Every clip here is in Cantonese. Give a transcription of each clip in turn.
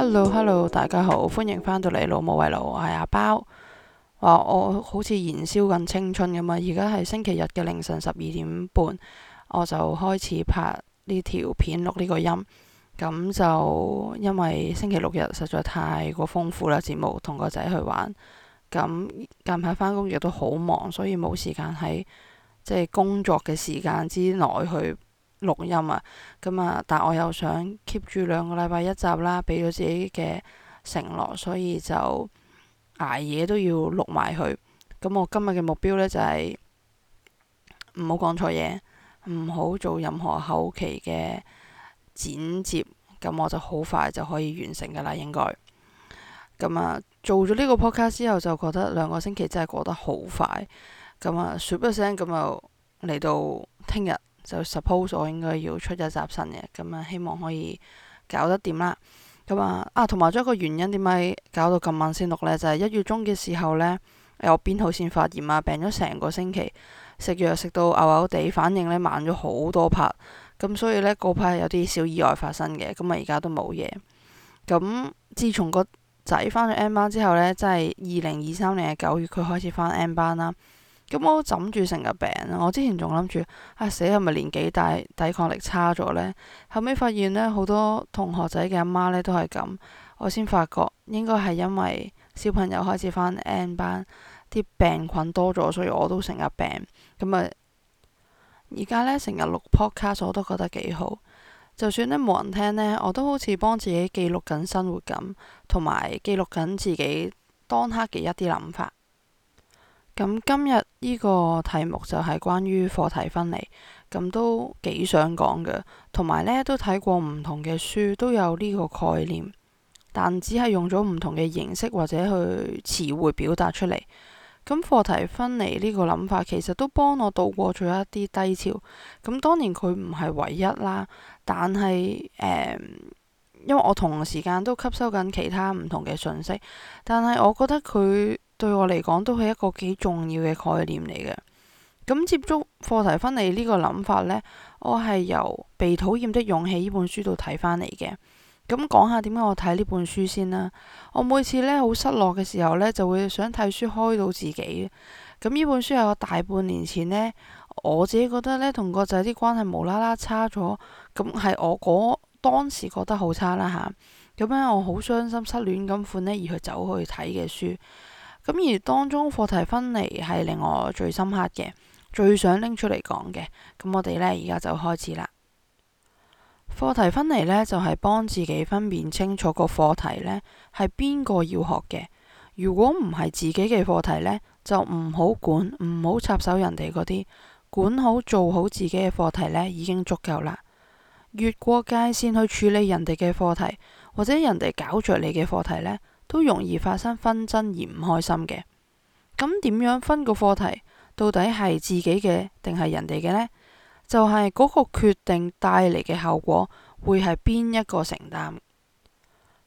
Hello Hello，大家好，歡迎翻到嚟《老母為勞》，我係阿包，話我好似燃燒緊青春咁嘛。而家係星期日嘅凌晨十二點半，我就開始拍呢條片，錄呢個音。咁就因為星期六日實在太過豐富啦，節目同個仔去玩。咁近排翻工亦都好忙，所以冇時間喺即係工作嘅時間之內去，錄音啊，咁啊，但我又想 keep 住兩個禮拜一集啦，俾咗自己嘅承諾，所以就捱夜都要錄埋佢。咁我今日嘅目標呢，就係唔好講錯嘢，唔好做任何後期嘅剪接，咁我就好快就可以完成噶啦，應該。咁啊，做咗呢個 podcast 之後，就覺得兩個星期真係過得好快。咁啊，咻一聲咁就嚟到聽日。就 suppose 我應該要出一集新嘅，咁啊希望可以搞得掂啦。咁啊啊同埋仲有一個原因，點解搞到咁晚先錄呢？就係、是、一月中嘅時候呢，有扁桃腺發炎啊，病咗成個星期，食藥食到嘔嘔地，反應呢慢咗好多拍，咁所以呢，嗰、那、排、個、有啲小意外發生嘅，咁啊而家都冇嘢。咁自從個仔返咗 M 班之後呢，即係二零二三年嘅九月，佢開始返 M 班啦。咁我枕住成日病，我之前仲諗住啊死，係咪年紀大抵抗力差咗呢？後尾發現呢，好多同學仔嘅阿媽呢都係咁，我先發覺應該係因為小朋友開始返 N 班，啲病菌多咗，所以我都成日病。咁啊，而家呢，成日錄 podcast，我都覺得幾好。就算呢冇人聽呢，我都好似幫自己記錄緊生活咁，同埋記錄緊自己當刻嘅一啲諗法。咁今日呢個題目就係關於課題分離，咁都幾想講㗎，同埋呢都睇過唔同嘅書，都有呢個概念，但只係用咗唔同嘅形式或者去詞彙表達出嚟。咁課題分離呢個諗法，其實都幫我度過咗一啲低潮。咁當年佢唔係唯一啦，但係誒、嗯，因為我同時間都吸收緊其他唔同嘅信息，但係我覺得佢。對我嚟講，都係一個幾重要嘅概念嚟嘅。咁接觸課題分離呢個諗法呢，我係由《被討厭的勇氣》呢本書度睇翻嚟嘅。咁講下點解我睇呢本書先啦。我每次呢，好失落嘅時候呢，就會想睇書開導自己。咁呢本書係我大半年前呢，我自己覺得呢，同個仔啲關係無啦啦差咗。咁係我嗰當時覺得好差啦嚇。咁樣我好傷心失戀咁款呢，而去走去睇嘅書。咁而當中課題分離係令我最深刻嘅，最想拎出嚟講嘅。咁我哋呢而家就開始啦。課題分離呢，就係幫自己分辨清楚個課題呢係邊個要學嘅。如果唔係自己嘅課題呢，就唔好管，唔好插手人哋嗰啲，管好做好自己嘅課題呢，已經足夠啦。越過界線去處理人哋嘅課題，或者人哋搞着你嘅課題呢，都容易發生紛爭而唔開心嘅。咁點樣分個課題，到底係自己嘅定係人哋嘅呢？就係嗰個決定帶嚟嘅後果，會係邊一個承擔？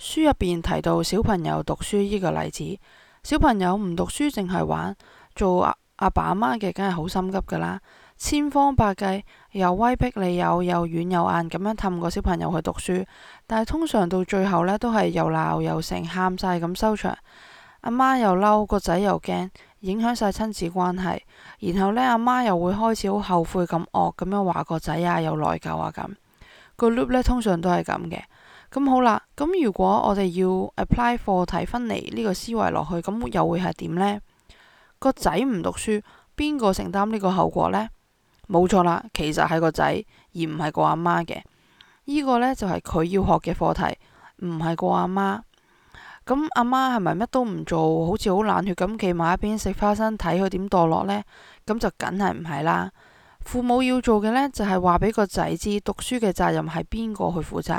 書入邊提到小朋友讀書呢個例子，小朋友唔讀書淨係玩，做阿爸阿媽嘅梗係好心急噶啦，千方百計，又威逼你，又又軟又硬咁樣氹個小朋友去讀書。但係通常到最後呢，都係又鬧又成喊晒咁收場，阿媽又嬲，個仔又驚，影響晒親子關係。然後呢，阿媽又會開始好後悔咁惡咁樣話個仔啊，又內疚啊咁。個 loop 呢，通常都係咁嘅。咁好啦，咁如果我哋要 apply 課題分離呢個思維落去，咁又會係點呢？個仔唔讀書，邊個承擔呢個後果呢？冇錯啦，其實係個仔，而唔係個阿媽嘅。呢個呢，就係佢要學嘅課題，唔係個阿媽。咁阿媽係咪乜都唔做，好似好冷血咁企埋一邊食花生睇佢點墮落呢？咁就梗係唔係啦。父母要做嘅呢，就係話俾個仔知，讀書嘅責任係邊個去負責，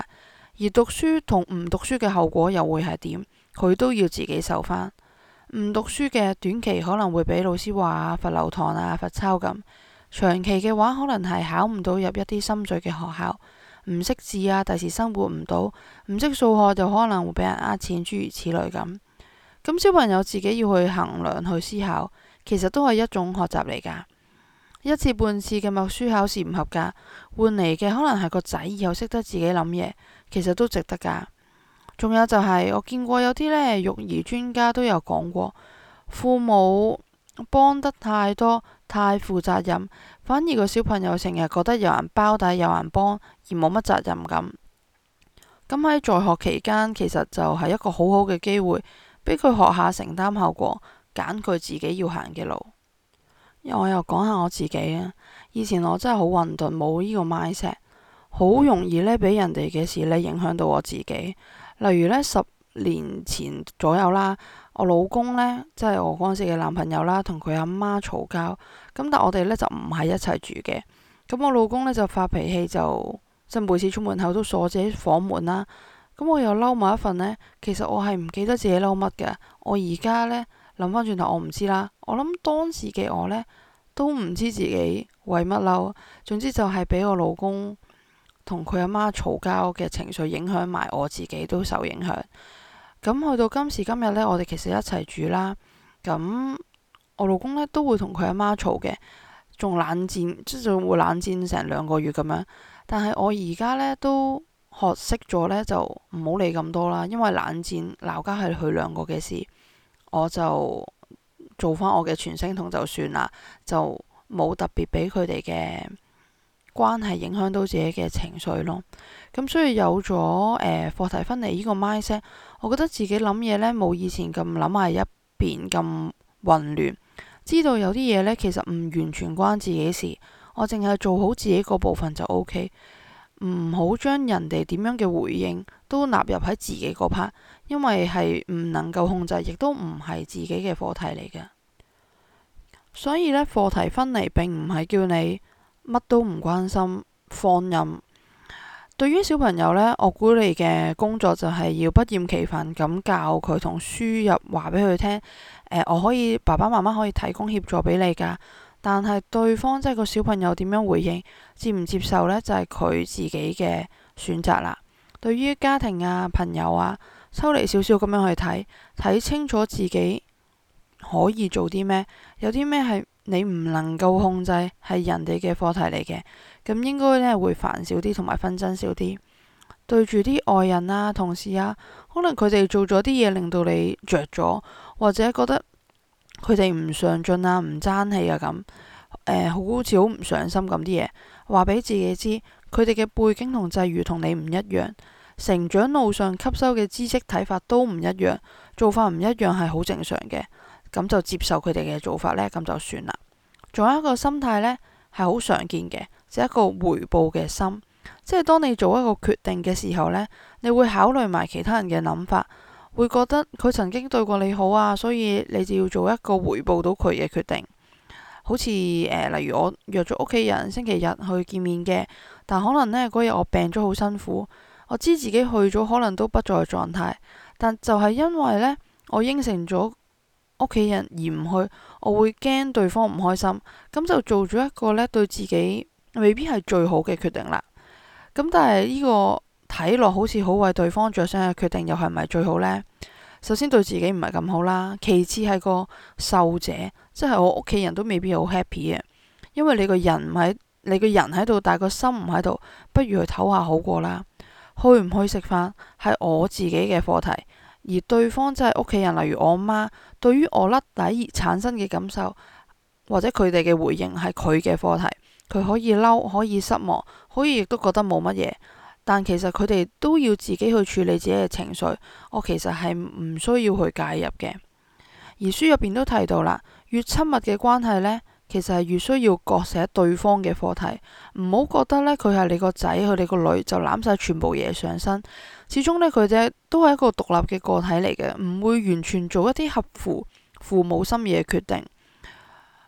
而讀書同唔讀書嘅後果又會係點，佢都要自己受翻。唔讀書嘅短期可能會俾老師話啊、罰留堂啊罰抄咁，長期嘅話可能係考唔到入一啲心水嘅學校。唔識字啊，第時生活唔到，唔識數學就可能會俾人呃錢，諸如此類咁。咁小朋友自己要去衡量去思考，其實都係一種學習嚟噶。一次半次嘅默書考試唔合格，換嚟嘅可能係個仔以後識得自己諗嘢，其實都值得噶。仲有就係我見過有啲呢，育兒專家都有講過，父母幫得太多，太負責任，反而個小朋友成日覺得有人包底、有人幫，而冇乜責任感。咁喺在,在學期間，其實就係一個好好嘅機會，俾佢學下承擔後果，揀佢自己要行嘅路。又我又講下我自己啊，以前我真係好混沌，冇呢個 mindset，好容易咧俾人哋嘅事咧影響到我自己。例如咧十。年前左右啦，我老公呢，即係我嗰陣時嘅男朋友啦，同佢阿媽嘈交，咁但係我哋呢，就唔係一齊住嘅，咁我老公呢，就發脾氣，就即係每次出門口都鎖自己房門啦，咁我又嬲埋一份呢，其實我係唔記得自己嬲乜嘅，我而家呢，諗翻轉頭，我唔知啦，我諗當時嘅我呢，都唔知自己為乜嬲，總之就係俾我老公。同佢阿媽嘈交嘅情緒影響埋我自己都受影響。咁去到今時今日呢，我哋其實一齊住啦。咁我老公呢，都會同佢阿媽嘈嘅，仲冷戰，即係仲會冷戰成兩個月咁樣。但係我而家呢，都學識咗呢，就唔好理咁多啦。因為冷戰、鬧交係佢兩個嘅事，我就做翻我嘅傳聲筒就算啦，就冇特別俾佢哋嘅。關係影響到自己嘅情緒咯，咁所以有咗誒、呃、課題分離呢個 mindset，我覺得自己諗嘢呢冇以前咁諗埋一邊咁混亂，知道有啲嘢呢其實唔完全關自己事，我淨係做好自己個部分就 OK，唔好將人哋點樣嘅回應都納入喺自己個 part，因為係唔能夠控制，亦都唔係自己嘅課題嚟嘅，所以呢課題分離並唔係叫你。乜都唔關心，放任。對於小朋友呢，我估你嘅工作就係要不厭其煩咁教佢同輸入話俾佢聽。誒，我可以爸爸媽媽可以提供協助俾你噶。但係對方即係、就是、個小朋友點樣回應，接唔接受呢？就係、是、佢自己嘅選擇啦。對於家庭啊、朋友啊，抽離少少咁樣去睇，睇清楚自己可以做啲咩，有啲咩係。你唔能夠控制，係人哋嘅課題嚟嘅，咁應該呢會煩少啲，同埋紛爭少啲。對住啲外人啊，同事啊，可能佢哋做咗啲嘢令到你着咗，或者覺得佢哋唔上進啊，唔爭氣啊咁，誒、呃、好似好唔上心咁啲嘢。話俾自己知，佢哋嘅背景同際遇同你唔一樣，成長路上吸收嘅知識睇法都唔一樣，做法唔一樣係好正常嘅。咁就接受佢哋嘅做法呢，咁就算啦。仲有一個心態呢，係好常見嘅，即係一個回報嘅心，即係當你做一個決定嘅時候呢，你會考慮埋其他人嘅諗法，會覺得佢曾經對過你好啊，所以你就要做一個回報到佢嘅決定。好似誒、呃，例如我約咗屋企人星期日去見面嘅，但可能呢嗰日我病咗好辛苦，我知自己去咗可能都不在狀態，但就係因為呢，我應承咗屋企人而唔去，我會驚對方唔開心，咁就做咗一個呢對自己未必係最好嘅決定啦。咁但係呢個睇落好似好為對方着想嘅決定，又係唔係最好呢？首先對自己唔係咁好啦，其次係個受者，即係我屋企人都未必好 happy 嘅，因為你個人唔喺，你個人喺度，但係個心唔喺度，不如去唞下好過啦。去唔去食飯係我自己嘅課題。而對方即係屋企人，例如我媽，對於我甩底而產生嘅感受，或者佢哋嘅回應係佢嘅課題，佢可以嬲，可以失望，可以亦都覺得冇乜嘢。但其實佢哋都要自己去處理自己嘅情緒，我其實係唔需要去介入嘅。而書入邊都提到啦，越親密嘅關係呢。其實係越需要割捨對方嘅課題，唔好覺得呢，佢係你個仔，佢哋個女就攬晒全部嘢上身。始終呢，佢哋都係一個獨立嘅個體嚟嘅，唔會完全做一啲合乎父母心意嘅決定。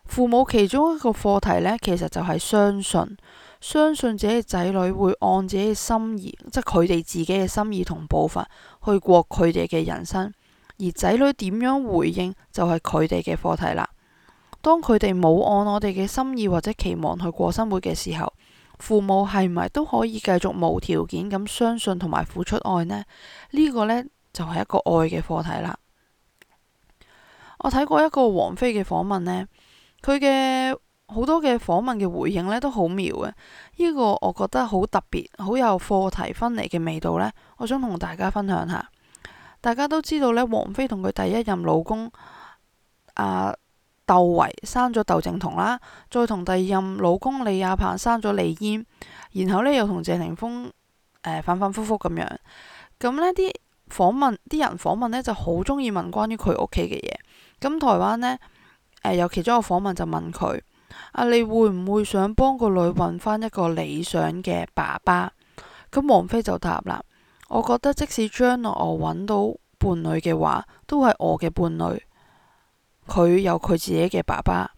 父母其中一個課題呢，其實就係相信，相信自己嘅仔女會按自己嘅心意，即係佢哋自己嘅心意同步伐去過佢哋嘅人生。而仔女點樣回應就，就係佢哋嘅課題啦。當佢哋冇按我哋嘅心意或者期望去過生活嘅時候，父母係咪都可以繼續無條件咁相信同埋付出愛呢？呢個呢，就係一個愛嘅課題啦。我睇過一個王菲嘅訪問呢，佢嘅好多嘅訪問嘅回應呢都好妙啊。呢個我覺得好特別，好有課題分離嘅味道呢。我想同大家分享下。大家都知道呢，王菲同佢第一任老公啊。竇唯生咗竇靖童啦，再同第二任老公李亞鵬生咗李嫣，然後呢又同謝霆鋒誒、呃、反反复复咁樣，咁呢啲訪問啲人訪問呢就好中意問關於佢屋企嘅嘢，咁、嗯、台灣呢、誒、呃、有其中一個訪問就問佢啊，你會唔會想幫個女揾翻一個理想嘅爸爸？咁、嗯、王菲就答啦，我覺得即使將來我揾到伴侶嘅話，都係我嘅伴侶。佢有佢自己嘅爸爸，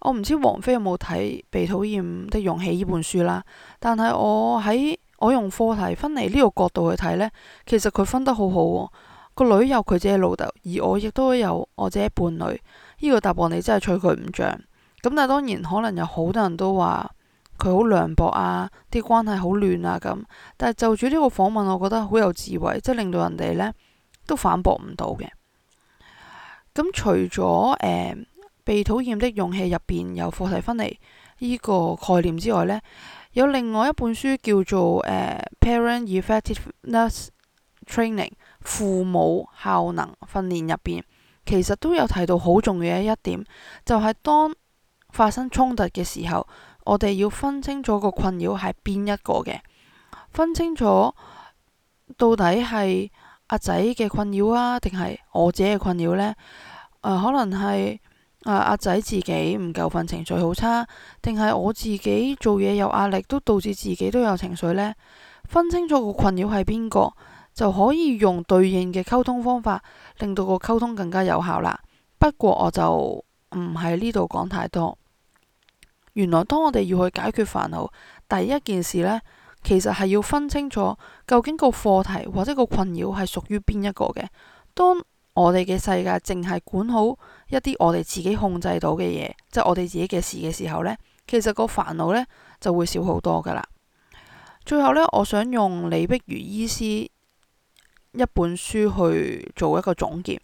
我唔知王菲有冇睇《被討厭的勇氣》呢本書啦。但係我喺我用課題分離呢個角度去睇呢，其實佢分得好好喎。個女有佢自己老豆，而我亦都有我自己伴侶。呢、呢個答案你真係吹佢唔脹。咁但係當然可能有好多人都話佢好涼薄啊，啲關係好亂啊咁。但係就住呢個訪問，我覺得好有智慧，即係令到人哋呢都反駁唔到嘅。咁、嗯、除咗誒、呃、被討厭的勇氣入邊有課題分離呢個概念之外呢，有另外一本書叫做誒 Parent Effectiveness Training 父母效能訓練入邊，其實都有提到好重要嘅一點，就係、是、當發生衝突嘅時候，我哋要分清楚個困擾係邊一個嘅，分清楚到底係。阿仔嘅困擾啊，定係我自己嘅困擾呢？誒、呃，可能係誒阿仔自己唔夠瞓，情緒好差，定係我自己做嘢有壓力，都導致自己都有情緒呢？分清楚個困擾係邊個，就可以用對應嘅溝通方法，令到個溝通更加有效啦。不過我就唔喺呢度講太多。原來當我哋要去解決煩惱，第一件事呢，其實係要分清楚，究竟個課題或者個困擾係屬於邊一個嘅。當我哋嘅世界淨係管好一啲我哋自己控制到嘅嘢，即係我哋自己嘅事嘅時候呢，其實個煩惱呢就會少好多㗎喇。最後呢，我想用李碧如醫師一本書去做一個總結。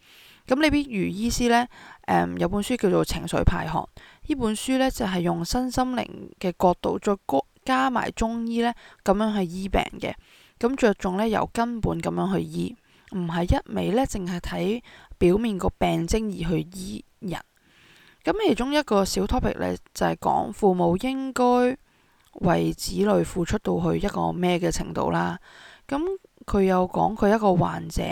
咁李碧如醫師呢，誒、嗯、有本書叫做《情緒排寒》，呢本書呢就係用身心靈嘅角度嚟講，加埋中醫呢，咁樣去醫病嘅，咁着重呢，由根本咁樣去醫，唔係一味呢，淨係睇表面個病徵而去醫人。咁其中一個小 topic 呢，就係、是、講父母應該為子女付出到去一個咩嘅程度啦。咁佢有講佢一個患者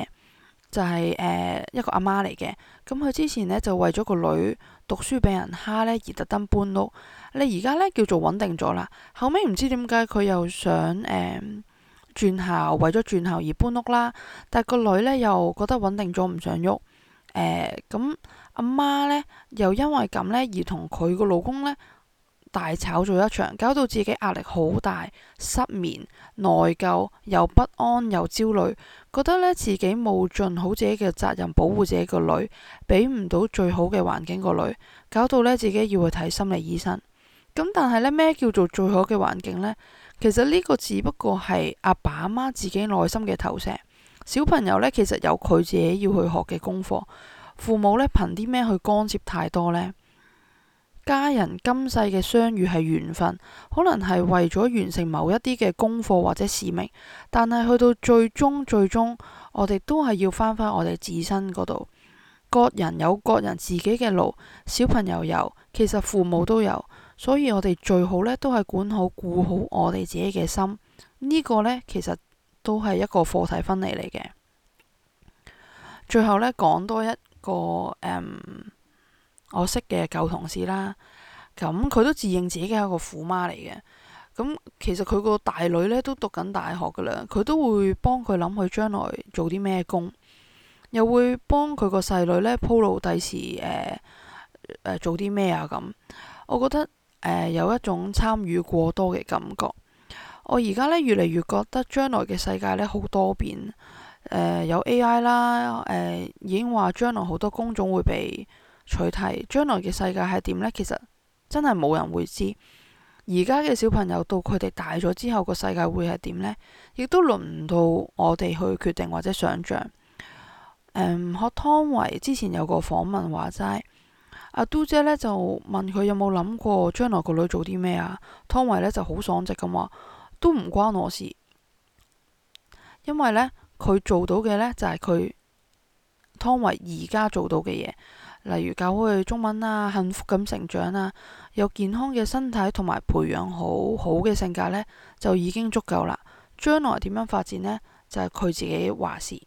就係、是、誒、呃、一個阿媽嚟嘅，咁佢之前呢，就為咗個女，讀書俾人蝦呢，而特登搬屋。你而家呢叫做穩定咗啦。後尾唔知點解佢又想誒、呃、轉校，為咗轉校而搬屋啦。但個女呢又覺得穩定咗唔想喐。誒、咁阿媽呢又因為咁呢而同佢個老公呢大吵咗一場，搞到自己壓力好大，失眠、內疚、又不安又焦慮。覺得呢自己冇盡好自己嘅責任，保護自己個女，俾唔到最好嘅環境個女，搞到呢，自己要去睇心理醫生。咁但係呢，咩叫做最好嘅環境呢？其實呢個只不過係阿爸阿媽自己內心嘅投射。小朋友呢，其實有佢自己要去學嘅功課，父母呢，憑啲咩去干涉太多呢？家人今世嘅相遇係緣分，可能係為咗完成某一啲嘅功課或者使命，但係去到最終最終，我哋都係要返返我哋自身嗰度，各人有各人自己嘅路，小朋友有，其實父母都有，所以我哋最好呢都係管好顧好我哋自己嘅心，呢個呢，其實都係一個課題分離嚟嘅。最後呢，講多一個誒。嗯我識嘅舊同事啦，咁佢都自認自己係一個虎媽嚟嘅。咁其實佢個大女呢都讀緊大學噶啦，佢都會幫佢諗佢將來做啲咩工，又會幫佢個細女呢鋪路，第時誒做啲咩啊？咁我覺得誒、呃、有一種參與過多嘅感覺。我而家呢越嚟越覺得將來嘅世界呢好多變，呃、有 A I 啦，誒、呃、已經話將來好多工種會被取題將來嘅世界係點呢？其實真係冇人會知。而家嘅小朋友到佢哋大咗之後，個世界會係點呢？亦都輪唔到我哋去決定或者想像。誒、嗯，學湯唯之前有個訪問話齋，阿嘟姐呢就問佢有冇諗過將來個女做啲咩啊？湯唯呢就好爽直咁話，都唔關我事，因為呢，佢做到嘅呢就係佢湯唯而家做到嘅嘢。例如教好佢中文啊，幸福咁成長啊，有健康嘅身體同埋培養好好嘅性格呢，就已經足夠啦。將來點樣發展呢？就係、是、佢自己話事。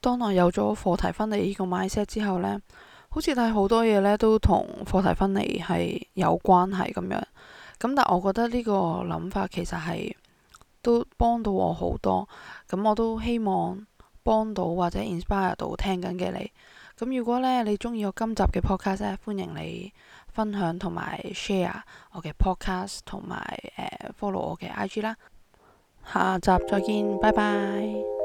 當我有咗課題分離呢個 mindset 之後呢，好似睇好多嘢呢都同課題分離係有關係咁樣。咁但我覺得呢個諗法其實係都幫到我好多。咁我都希望幫到或者 inspire 到聽緊嘅你。咁如果呢，你鍾意我今集嘅 podcast 呢，歡迎你分享同埋 share 我嘅 podcast，同埋 follow 我嘅 IG 啦。下集再見，拜拜。